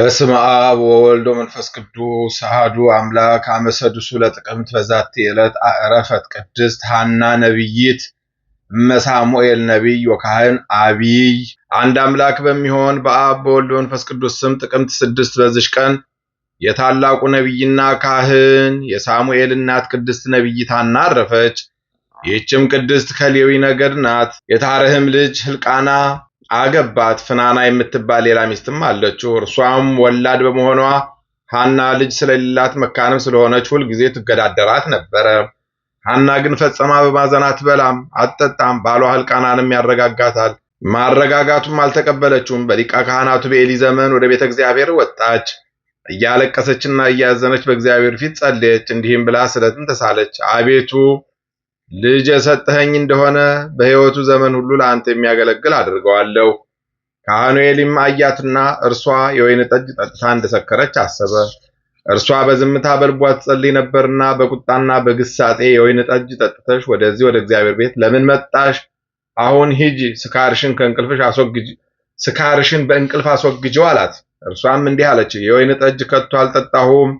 በስመ አብ ወወልዶ መንፈስ ቅዱስ አህዱ አምላክ። አመሰድሱ ለጥቅምት በዛቲ ዕለት አረፈት ቅድስት ሐና ነቢይት እመሳሙኤል ነቢይ ወካህን አቢይ። አንድ አምላክ በሚሆን በአብ በወልዶ መንፈስ ቅዱስ ስም ጥቅምት ስድስት በዚሽ ቀን የታላቁ ነቢይና ካህን የሳሙኤል እናት ቅድስት ነቢይት ሐና አረፈች። ይህችም ቅድስት ከሌዊ ነገድ ናት። የታርህም ልጅ ሕልቃና አገባት። ፍናና የምትባል ሌላ ሚስትም አለችው። እርሷም ወላድ በመሆኗ ሐና ልጅ ስለሌላት መካንም ስለሆነች ሁልጊዜ ትገዳደራት ነበረ። ሐና ግን ፈጸማ በማዘን አትበላም አትጠጣም፣ ባሏ ሕልቃናንም ያረጋጋታል። ማረጋጋቱም አልተቀበለችውም። በሊቀ ካህናቱ በኤሊ ዘመን ወደ ቤተ እግዚአብሔር ወጣች። እያለቀሰችና እያዘነች በእግዚአብሔር ፊት ጸለየች። እንዲህም ብላ ስለትን ተሳለች። አቤቱ ልጅ የሰጠኸኝ እንደሆነ በሕይወቱ ዘመን ሁሉ ለአንተ የሚያገለግል አድርገዋለሁ። ካህኑ ኤሊም አያትና እርሷ የወይን ጠጅ ጠጥታ እንደሰከረች አሰበ። እርሷ በዝምታ በልቧ ትጸልይ ነበርና በቁጣና በግሳጤ የወይን ጠጅ ጠጥተሽ ወደዚህ ወደ እግዚአብሔር ቤት ለምን መጣሽ? አሁን ሂጂ፣ ስካርሽን ከእንቅልፍሽ አስወግጂ፣ ስካርሽን በእንቅልፍ አስወግጂው አላት። እርሷም እንዲህ አለች፣ የወይን ጠጅ ከቶ አልጠጣሁም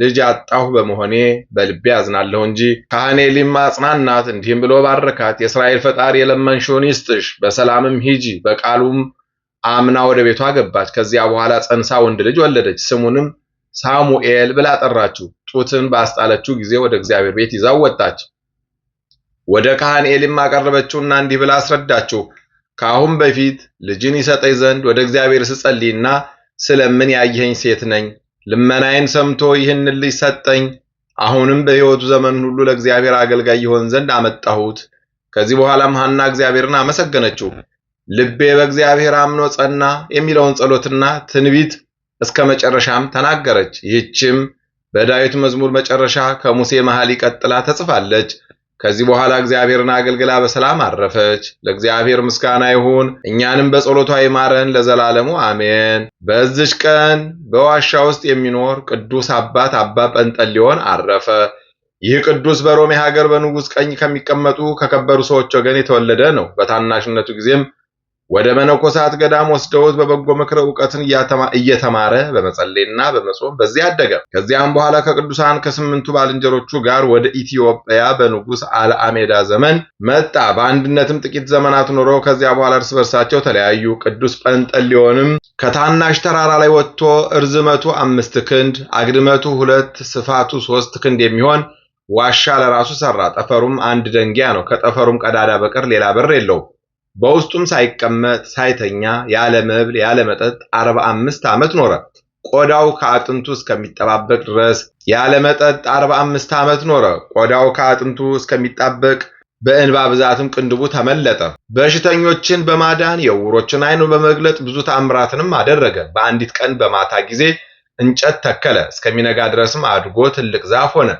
ልጅ አጣሁ በመሆኔ በልቤ አዝናለሁ እንጂ። ካህኔ ሊማ አጽናናት፣ እንዲህም ብሎ ባረካት። የእስራኤል ፈጣሪ የለመንሽውን ይስጥሽ፣ በሰላምም ሂጂ። በቃሉም አምና ወደ ቤቷ ገባች። ከዚያ በኋላ ጸንሳ ወንድ ልጅ ወለደች። ስሙንም ሳሙኤል ብላ ጠራችው። ጡትን ባስጣለችው ጊዜ ወደ እግዚአብሔር ቤት ይዛው ወጣች። ወደ ካህን ኤሊም አቀረበችውና እንዲህ ብላ አስረዳችው። ከአሁን በፊት ልጅን ይሰጠኝ ዘንድ ወደ እግዚአብሔር ስጸልይና ስለምን ያየኸኝ ሴት ነኝ ልመናዬን ሰምቶ ይህን ልጅ ሰጠኝ። አሁንም በሕይወቱ ዘመን ሁሉ ለእግዚአብሔር አገልጋይ ይሆን ዘንድ አመጣሁት። ከዚህ በኋላም ሐና እግዚአብሔርን አመሰገነችው። ልቤ በእግዚአብሔር አምኖ ጸና የሚለውን ጸሎትና ትንቢት እስከ መጨረሻም ተናገረች። ይህችም በዳዊት መዝሙር መጨረሻ ከሙሴ መሐል ይቀጥላ ተጽፋለች። ከዚህ በኋላ እግዚአብሔርን አገልግላ በሰላም አረፈች። ለእግዚአብሔር ምስጋና ይሁን፣ እኛንም በጸሎቷ ይማረን ለዘላለሙ አሜን። በዚች ቀን በዋሻ ውስጥ የሚኖር ቅዱስ አባት አባ ጰንጠሊዮን አረፈ። ይህ ቅዱስ በሮሜ ሀገር በንጉሥ ቀኝ ከሚቀመጡ ከከበሩ ሰዎች ወገን የተወለደ ነው። በታናሽነቱ ጊዜም ወደ መነኮሳት ገዳም ወስደውት በበጎ ምክረ እውቀትን እየተማረ በመጸለይና በመጾም በዚህ አደገ። ከዚያም በኋላ ከቅዱሳን ከስምንቱ ባልንጀሮቹ ጋር ወደ ኢትዮጵያ በንጉሥ አልአሜዳ ዘመን መጣ። በአንድነትም ጥቂት ዘመናት ኑሮ ከዚያ በኋላ እርስ በርሳቸው ተለያዩ። ቅዱስ ጰንጠሌዎንም ከታናሽ ተራራ ላይ ወጥቶ እርዝመቱ አምስት ክንድ አግድመቱ ሁለት ስፋቱ ሶስት ክንድ የሚሆን ዋሻ ለራሱ ሰራ። ጠፈሩም አንድ ደንጊያ ነው። ከጠፈሩም ቀዳዳ በቀር ሌላ በር የለውም። በውስጡም ሳይቀመጥ ሳይተኛ ያለ መብል ያለ መጠጥ አርባ አምስት ዓመት ኖረ። ቆዳው ከአጥንቱ እስከሚጠባበቅ ድረስ ያለ መጠጥ አርባ አምስት ዓመት ኖረ። ቆዳው ከአጥንቱ እስከሚጣበቅ በእንባ ብዛትም ቅንድቡ ተመለጠ። በሽተኞችን በማዳን የዕውሮችን ዓይን በመግለጥ ብዙ ተአምራትንም አደረገ። በአንዲት ቀን በማታ ጊዜ እንጨት ተከለ። እስከሚነጋ ድረስም አድጎ ትልቅ ዛፍ ሆነ።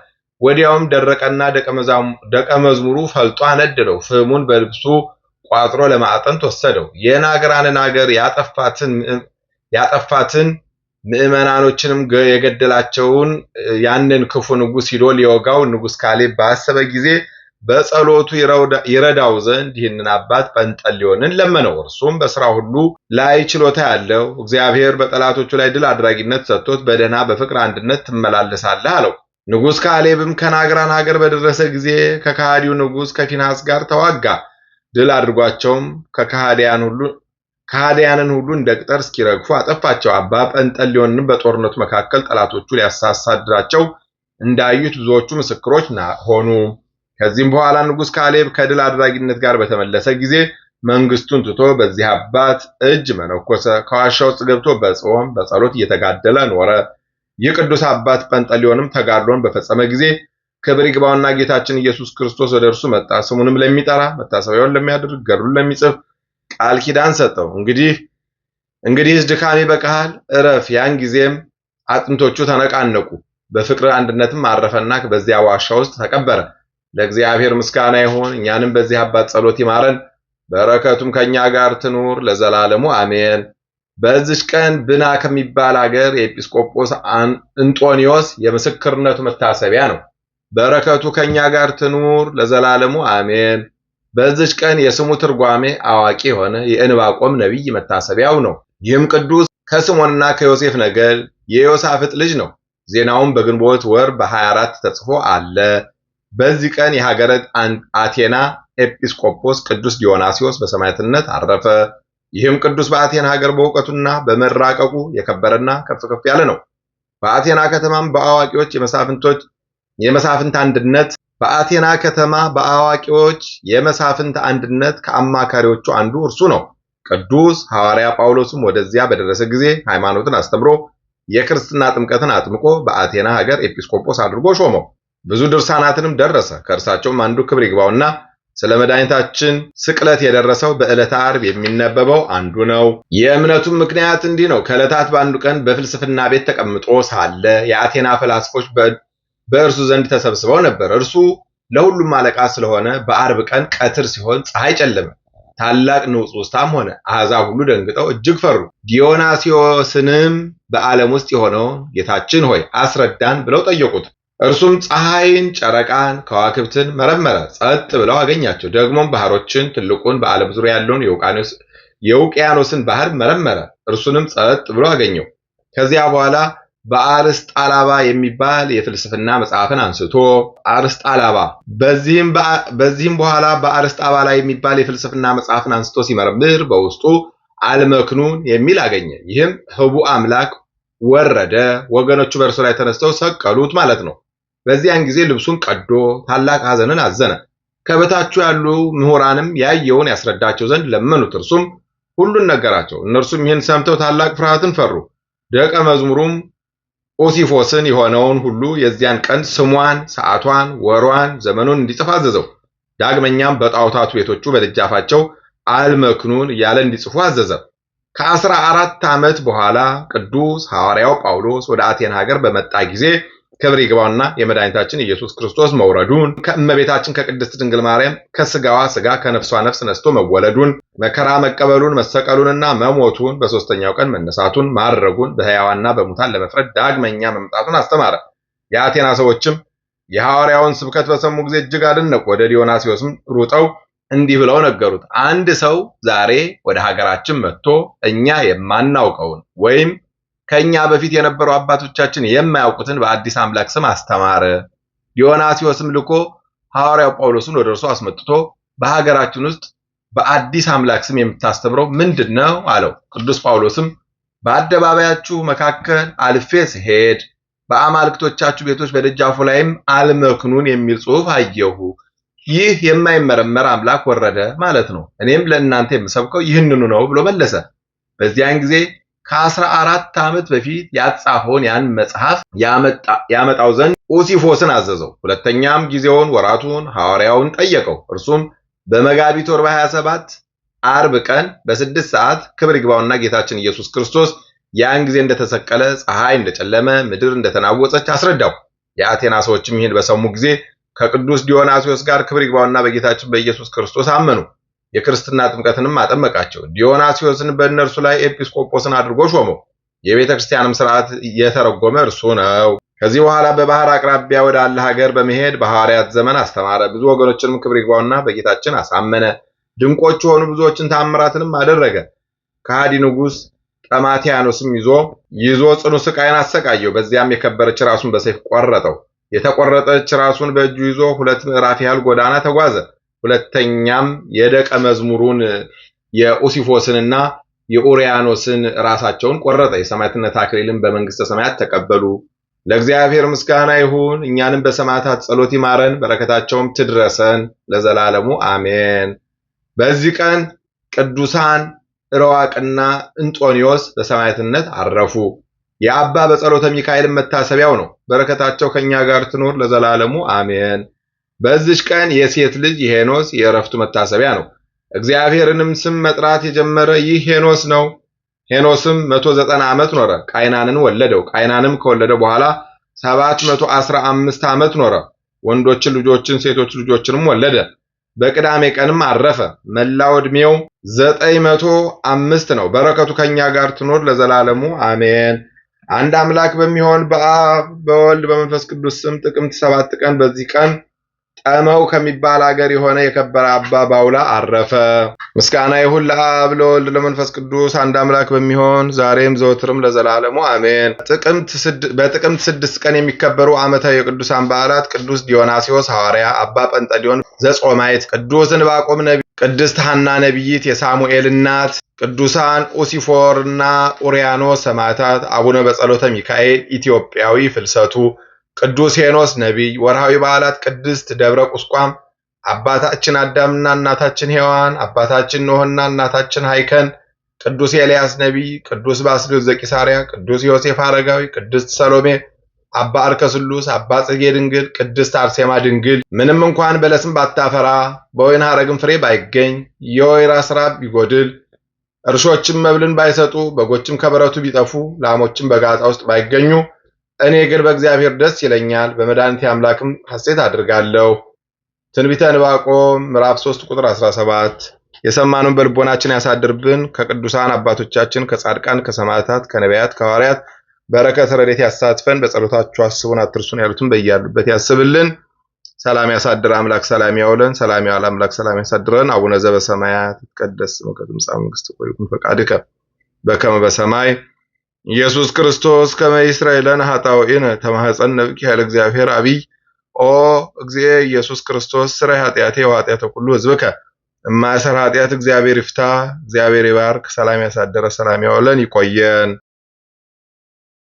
ወዲያውም ደረቀና ደቀ መዝሙሩ ፈልጦ አነደደው። ፍህሙን በልብሱ ቋጥሮ ለማዕጠንት ወሰደው። የናግራንን አገር ያጠፋትን ምዕመናኖችንም የገደላቸውን ያንን ክፉ ንጉሥ ሂዶ ሊወጋው ንጉሥ ካሌብ ባሰበ ጊዜ በጸሎቱ ይረዳው ዘንድ ይህንን አባት ጰንጠሌዎንን ለመነው። እርሱም በስራ ሁሉ ላይ ችሎታ ያለው እግዚአብሔር በጠላቶቹ ላይ ድል አድራጊነት ሰጥቶት በደህና በፍቅር አንድነት ትመላለሳለህ አለው። ንጉሥ ካሌብም ከናግራን ሀገር በደረሰ ጊዜ ከካሃዲው ንጉሥ ከፊናስ ጋር ተዋጋ። ድል አድርጓቸውም ከሃዲያንን ሁሉ እንደ ቅጠር እስኪረግፉ አጠፋቸው። አባ ጰንጠሌዎንም በጦርነቱ መካከል ጠላቶቹ ሊያሳሳድራቸው እንዳዩት ብዙዎቹ ምስክሮች ሆኑ። ከዚህም በኋላ ንጉሥ ካሌብ ከድል አድራጊነት ጋር በተመለሰ ጊዜ መንግስቱን ትቶ በዚህ አባት እጅ መነኮሰ። ከዋሻ ውስጥ ገብቶ በጾም በጸሎት እየተጋደለ ኖረ። ይህ ቅዱስ አባት ጰንጠሌዎንም ተጋድሎን በፈጸመ ጊዜ ክብር ይግባውና ጌታችን ኢየሱስ ክርስቶስ ወደ እርሱ መጣ። ስሙንም ለሚጠራ መታሰቢያውን ለሚያደርግ ገድሉን ለሚጽፍ ቃል ኪዳን ሰጠው። እንግዲህ እንግዲህስ ድካሜ በቃል እረፍ። ያን ጊዜም አጥንቶቹ ተነቃነቁ፣ በፍቅር አንድነትም አረፈና በዚያ ዋሻ ውስጥ ተቀበረ። ለእግዚአብሔር ምስጋና ይሁን፣ እኛንም በዚህ አባት ጸሎት ይማረን፣ በረከቱም ከኛ ጋር ትኑር ለዘላለሙ አሜን። በዚች ቀን ብና ከሚባል አገር የኤጲስቆጶስ አንጦኒዮስ የምስክርነቱ መታሰቢያ ነው። በረከቱ ከኛ ጋር ትኑር ለዘላለሙ አሜን። በዚች ቀን የስሙ ትርጓሜ አዋቂ የሆነ የእንባቆም ነቢይ መታሰቢያው ነው። ይህም ቅዱስ ከስሞንና ከዮሴፍ ነገድ የዮሳፍጥ ልጅ ነው። ዜናውም በግንቦት ወር በ24 ተጽፎ አለ። በዚህ ቀን የሀገረ አቴና ኤጲስቆጶስ ቅዱስ ዲዮናሲዎስ በሰማዕትነት አረፈ። ይህም ቅዱስ በአቴና ሀገር በእውቀቱና በመራቀቁ የከበረና ከፍ ከፍ ያለ ነው። በአቴና ከተማም በአዋቂዎች የመሳፍንቶች የመሳፍንት አንድነት በአቴና ከተማ በአዋቂዎች የመሳፍንት አንድነት ከአማካሪዎቹ አንዱ እርሱ ነው። ቅዱስ ሐዋርያ ጳውሎስም ወደዚያ በደረሰ ጊዜ ሃይማኖትን አስተምሮ የክርስትና ጥምቀትን አጥምቆ በአቴና ሀገር ኤጲስቆጶስ አድርጎ ሾመው። ብዙ ድርሳናትንም ደረሰ። ከእርሳቸውም አንዱ ክብር ይግባውና ስለ መድኃኒታችን ስቅለት የደረሰው በዕለተ ዓርብ የሚነበበው አንዱ ነው። የእምነቱም ምክንያት እንዲህ ነው። ከዕለታት በአንዱ ቀን በፍልስፍና ቤት ተቀምጦ ሳለ የአቴና ፈላስፎች በእርሱ ዘንድ ተሰብስበው ነበር። እርሱ ለሁሉም አለቃ ስለሆነ በአርብ ቀን ቀትር ሲሆን ፀሐይ ጨለመ፣ ታላቅ ንውጽውጽታም ሆነ። አሕዛብ ሁሉ ደንግጠው እጅግ ፈሩ። ዲዮናስዮስንም በዓለም ውስጥ የሆነውን ጌታችን ሆይ አስረዳን ብለው ጠየቁት። እርሱም ፀሐይን፣ ጨረቃን፣ ከዋክብትን መረመረ፣ ጸጥ ብለው አገኛቸው። ደግሞም ባህሮችን፣ ትልቁን በዓለም ዙሪያ ያለውን የውቅያኖስን ባህር መረመረ፣ እርሱንም ጸጥ ብሎ አገኘው። ከዚያ በኋላ በአርስጣላባ የሚባል የፍልስፍና መጽሐፍን አንስቶ አርስጣላባ በዚህም በኋላ ላይ የሚባል የፍልስፍና መጽሐፍን አንስቶ ሲመረምር በውስጡ አልመክኑን የሚል አገኘ። ይህም ህቡ አምላክ ወረደ፣ ወገኖቹ በእርሱ ላይ ተነስተው ሰቀሉት ማለት ነው። በዚያን ጊዜ ልብሱን ቀዶ ታላቅ ሐዘንን አዘነ። ከበታቹ ያሉ ምሁራንም ያየውን ያስረዳቸው ዘንድ ለመኑት። እርሱም ሁሉን ነገራቸው። እነርሱም ይህን ሰምተው ታላቅ ፍርሃትን ፈሩ። ደቀ መዝሙሩም ኦሲፎስን የሆነውን ሁሉ የዚያን ቀን ስሟን፣ ሰዓቷን፣ ወሯን፣ ዘመኑን እንዲጽፍ አዘዘው። ዳግመኛም በጣዖታቱ ቤቶቹ በደጃፋቸው አልመክኑን እያለ እንዲጽፉ አዘዘ። ከአስራ አራት ዓመት በኋላ ቅዱስ ሐዋርያው ጳውሎስ ወደ አቴን ሀገር በመጣ ጊዜ ክብር ይግባውና የመድኃኒታችን ኢየሱስ ክርስቶስ መውረዱን ከእመቤታችን ከቅድስት ድንግል ማርያም ከስጋዋ ስጋ ከነፍሷ ነፍስ ነስቶ መወለዱን መከራ መቀበሉን መሰቀሉንና መሞቱን በሦስተኛው ቀን መነሳቱን ማድረጉን በህያዋና በሙታን ለመፍረድ ዳግመኛ መምጣቱን አስተማረ። የአቴና ሰዎችም የሐዋርያውን ስብከት በሰሙ ጊዜ እጅግ አደነቁ። ወደ ዲዮናስዮስም ሩጠው እንዲህ ብለው ነገሩት። አንድ ሰው ዛሬ ወደ ሀገራችን መጥቶ እኛ የማናውቀውን ወይም ከእኛ በፊት የነበሩ አባቶቻችን የማያውቁትን በአዲስ አምላክ ስም አስተማረ። ዲዮናሲዎስም ልኮ ሐዋርያው ጳውሎስን ወደ እርሱ አስመጥቶ በሀገራችን ውስጥ በአዲስ አምላክ ስም የምታስተምረው ምንድን ነው አለው። ቅዱስ ጳውሎስም በአደባባያችሁ መካከል አልፌ ስሄድ በአማልክቶቻችሁ ቤቶች በደጃፉ ላይም አልመክኑን የሚል ጽሑፍ አየሁ። ይህ የማይመረመር አምላክ ወረደ ማለት ነው። እኔም ለእናንተ የምሰብከው ይህንኑ ነው ብሎ መለሰ። በዚያን ጊዜ ከአስራ አራት ዓመት በፊት ያጻፈውን ያን መጽሐፍ ያመጣው ዘንድ ኡሲፎስን አዘዘው። ሁለተኛም ጊዜውን፣ ወራቱን ሐዋርያውን ጠየቀው። እርሱም በመጋቢት ወር በ27 አርብ ቀን በስድስት ሰዓት ክብር ይግባውና ጌታችን ኢየሱስ ክርስቶስ ያን ጊዜ እንደተሰቀለ፣ ፀሐይ እንደጨለመ፣ ምድር እንደተናወጸች አስረዳው። የአቴና ሰዎችም ይህን በሰሙ ጊዜ ከቅዱስ ዲዮናስዮስ ጋር ክብር ይግባውና በጌታችን በኢየሱስ ክርስቶስ አመኑ። የክርስትና ጥምቀትንም አጠመቃቸው። ዲዮናሲዮስን በእነርሱ ላይ ኤጲስቆጶስን አድርጎ ሾመው። የቤተ ክርስቲያንም ስርዓት የተረጎመ እርሱ ነው። ከዚህ በኋላ በባህር አቅራቢያ ወዳለ ሀገር በመሄድ በሐዋርያት ዘመን አስተማረ። ብዙ ወገኖችንም ክብር ይግባውና በጌታችን አሳመነ። ድንቆች የሆኑ ብዙዎችን ታምራትንም አደረገ። ከሃዲ ንጉሥ ጠማቲያኖስም ይዞ ይዞ ጽኑ ስቃይን አሰቃየው። በዚያም የከበረች ራሱን በሰይፍ ቆረጠው። የተቆረጠች ራሱን በእጁ ይዞ ሁለት ምዕራፍ ያህል ጎዳና ተጓዘ። ሁለተኛም የደቀ መዝሙሩን የኡሲፎስንና የኦሪያኖስን ራሳቸውን ቆረጠ። የሰማዕትነት አክሊልን በመንግስተ ሰማያት ተቀበሉ። ለእግዚአብሔር ምስጋና ይሁን። እኛንም በሰማዕታት ጸሎት ይማረን፣ በረከታቸውም ትድረሰን ለዘላለሙ አሜን። በዚህ ቀን ቅዱሳን እረዋቅና እንጦኒዮስ በሰማዕትነት አረፉ። የአባ በጸሎተ ሚካኤልን መታሰቢያው ነው። በረከታቸው ከእኛ ጋር ትኖር ለዘላለሙ አሜን። በዚች ቀን የሴት ልጅ ሄኖስ የእረፍቱ መታሰቢያ ነው። እግዚአብሔርንም ስም መጥራት የጀመረ ይህ ሄኖስ ነው። ሄኖስም 190 ዘጠና ዓመት ኖረ፣ ቃይናንን ወለደው። ቃይናንም ከወለደ በኋላ 715 መቶ ዓመት ኖረ። ወንዶችን ልጆችን ሴቶች ልጆችንም ወለደ። በቅዳሜ ቀንም አረፈ። መላው ዕድሜው 905 ነው። በረከቱ ከኛ ጋር ትኖር ለዘላለሙ አሜን። አንድ አምላክ በሚሆን በአብ በወልድ በመንፈስ ቅዱስ ስም ጥቅምት ሰባት ቀን በዚህ ቀን ጠመው ከሚባል አገር የሆነ የከበረ አባ ባውላ አረፈ። ምስጋና ይሁን ለአብ ለወልድ ለመንፈስ ቅዱስ አንድ አምላክ በሚሆን ዛሬም ዘወትርም ለዘላለሙ አሜን። በጥቅምት ስድስት ቀን የሚከበሩ ዓመታዊ የቅዱሳን በዓላት ቅዱስ ዲዮናሲዎስ ሐዋርያ፣ አባ ጰንጠሊዮን ዘጾማይት፣ ቅዱስ ባቆም ነቢ፣ ቅድስት ሐና ነቢይት የሳሙኤል እናት፣ ቅዱሳን ኡሲፎርና ኡሪያኖስ ሰማዕታት፣ አቡነ በጸሎተ ሚካኤል ኢትዮጵያዊ ፍልሰቱ ቅዱስ ሄኖስ ነቢይ። ወርሃዊ በዓላት ቅድስት ደብረ ቁስቋም፣ አባታችን አዳምና እናታችን ሔዋን፣ አባታችን ኖህና እናታችን ሃይከን፣ ቅዱስ ኤልያስ ነቢይ፣ ቅዱስ ባስልዮስ ዘቂሳርያ፣ ቅዱስ ዮሴፍ አረጋዊ፣ ቅድስት ሰሎሜ፣ አባ አርከስሉስ፣ አባ ጽጌ ድንግል፣ ቅድስት አርሴማ ድንግል። ምንም እንኳን በለስም ባታፈራ በወይን ሐረግም ፍሬ ባይገኝ የወይራ ስራ ቢጎድል እርሾችም መብልን ባይሰጡ በጎችም ከበረቱ ቢጠፉ ላሞችም በጋጣ ውስጥ ባይገኙ እኔ ግን በእግዚአብሔር ደስ ይለኛል፣ በመድኃኒቴ አምላክም ሐሴት አድርጋለሁ። ትንቢተ ዕንባቆም ምዕራፍ 3 ቁጥር 17። የሰማነውን በልቦናችን ያሳድርብን። ከቅዱሳን አባቶቻችን ከጻድቃን፣ ከሰማዕታት፣ ከነቢያት፣ ከሐዋርያት በረከት ረድኤት ያሳትፈን። በጸሎታችሁ አስቡን አትርሱን ያሉትን በያሉበት ያስብልን። ሰላም ያሳድር አምላክ ሰላም ያውለን። ሰላም ያዋል አምላክ ሰላም ያሳድረን። አቡነ ዘበሰማያት ይትቀደስ ስምከ ትምጻእ መንግሥትከ ወይኩን ፈቃድከ በከመ በሰማይ ኢየሱስ ክርስቶስ ከመ ይስራኤለነ ኃጣውኢነ ተማኅፀን ነብኪ እግዚአብሔር አብይ ኦ እግዚእ ኢየሱስ ክርስቶስ ስራይ ኃጢአቴ ወኃጢአተ ኩሉ ህዝብከ እማእሰር ኃጢአት እግዚአብሔር ይፍታ። እግዚአብሔር ይባርክ። ሰላም ያሳደረ ሰላም ያወለን ይቆየን።